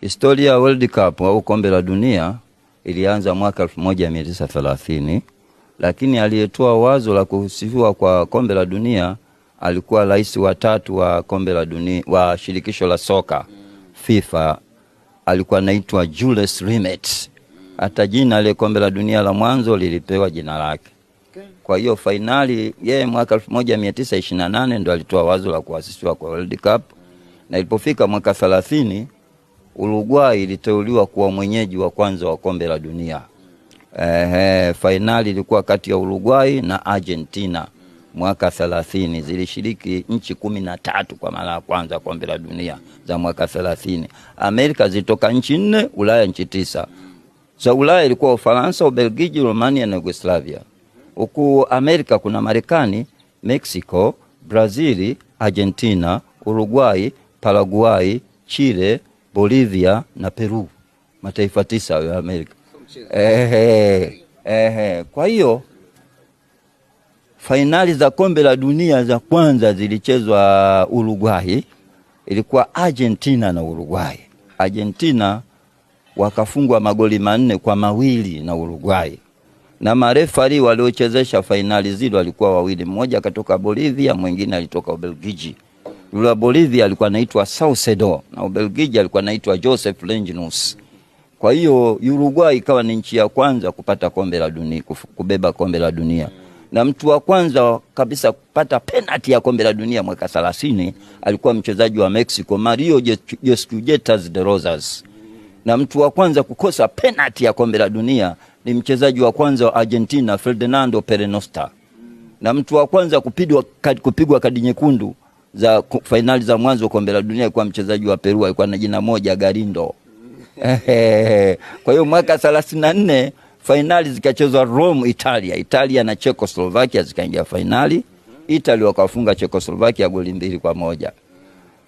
Historia ya World Cup au kombe la dunia ilianza mwaka 1930 lakini aliyetoa wazo la kuhusiwa kwa kombe la dunia alikuwa rais wa tatu wa kombe la dunia wa shirikisho la soka FIFA, alikuwa anaitwa Jules Rimet. Hata jina ile kombe la dunia la mwanzo lilipewa jina lake. Kwa hiyo fainali, yeye mwaka 1928 ndo alitoa wazo la kuasisiwa kwa World Cup, na ilipofika mwaka Uruguay iliteuliwa kuwa mwenyeji wa kwanza wa kombe la dunia. Ehe, fainali ilikuwa kati ya Uruguay na Argentina mwaka thelathini. Zilishiriki nchi kumi na tatu kwa mara ya kwanza kombe la dunia za mwaka thelathini. Amerika zilitoka nchi nne, Ulaya nchi tisa. Za Ulaya ilikuwa Ufaransa, Ubelgiji, Romania na Yugoslavia. Huku Amerika kuna Marekani, Mexico, Brazili, Argentina, Uruguay, Paraguay, Chile Bolivia na Peru, mataifa tisa ya Amerika. Ehe, ehe. Kwa hiyo fainali za kombe la dunia za kwanza zilichezwa Uruguay, ilikuwa Argentina na Uruguay. Argentina wakafungwa magoli manne kwa mawili na Uruguay, na marefari waliochezesha fainali zile walikuwa wawili, mmoja akatoka Bolivia, mwingine alitoka Ubelgiji. Yule Bolivia alikuwa anaitwa Saucedo na Ubelgiji alikuwa anaitwa Joseph Lenginus. Kwa hiyo Uruguay ikawa ni nchi ya kwanza kupata kombe la dunia, kubeba kombe la dunia na mtu wa kwanza kabisa kupata penalti ya kombe la dunia mwaka 30 alikuwa mchezaji wa Mexico Mario Jesús de Rosas, na mtu wa kwanza kukosa penalti ya kombe la dunia ni mchezaji wa kwanza wa Argentina Ferdinando Perenosta, na mtu wa kwanza kupigwa kadi nyekundu za fainali za mwanzo kombe la dunia kwa mchezaji wa Peru alikuwa na jina moja Garindo. Kwa hiyo mwaka 34 fainali zikachezwa Rome, Italia. Italia na Czechoslovakia zikaingia fainali. Italia wakafunga Czechoslovakia goli mbili kwa moja.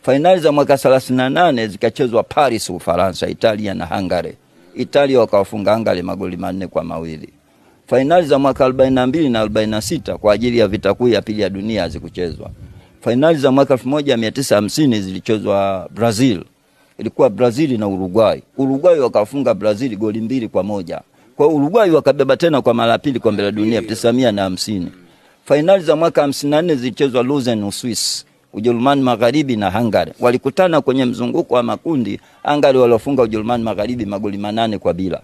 Fainali za mwaka 38 zikachezwa Paris, Ufaransa. Italia na Hungary. Italia wakawafunga Hungary magoli manne kwa mawili. Fainali za mwaka 42 na 46 kwa ajili ya vita kuu ya pili ya dunia zikuchezwa. Fainali za mwaka 1950 zilichezwa Brazil, ilikuwa Brazil na Uruguay. Uruguay wakafunga Brazil goli mbili kwa moja. Kwa Uruguay wakabeba tena kwa mara pili kombe la dunia 1950. Fainali za mwaka 54 zilichezwa Lausanne, Uswisi, Ujerumani Magharibi na Hungary. Walikutana kwenye mzunguko wa makundi, Hungary waliofunga Ujerumani Magharibi magoli manane kwa bila.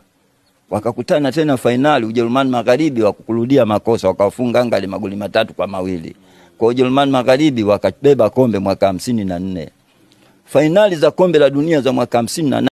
Wakakutana tena fainali, Ujerumani Magharibi wakukurudia makosa, wakafunga Hungary magoli matatu kwa mawili kwa Ujerumani Magharibi wakabeba kombe mwaka hamsini na nne fainali za kombe la dunia za mwaka hamsini na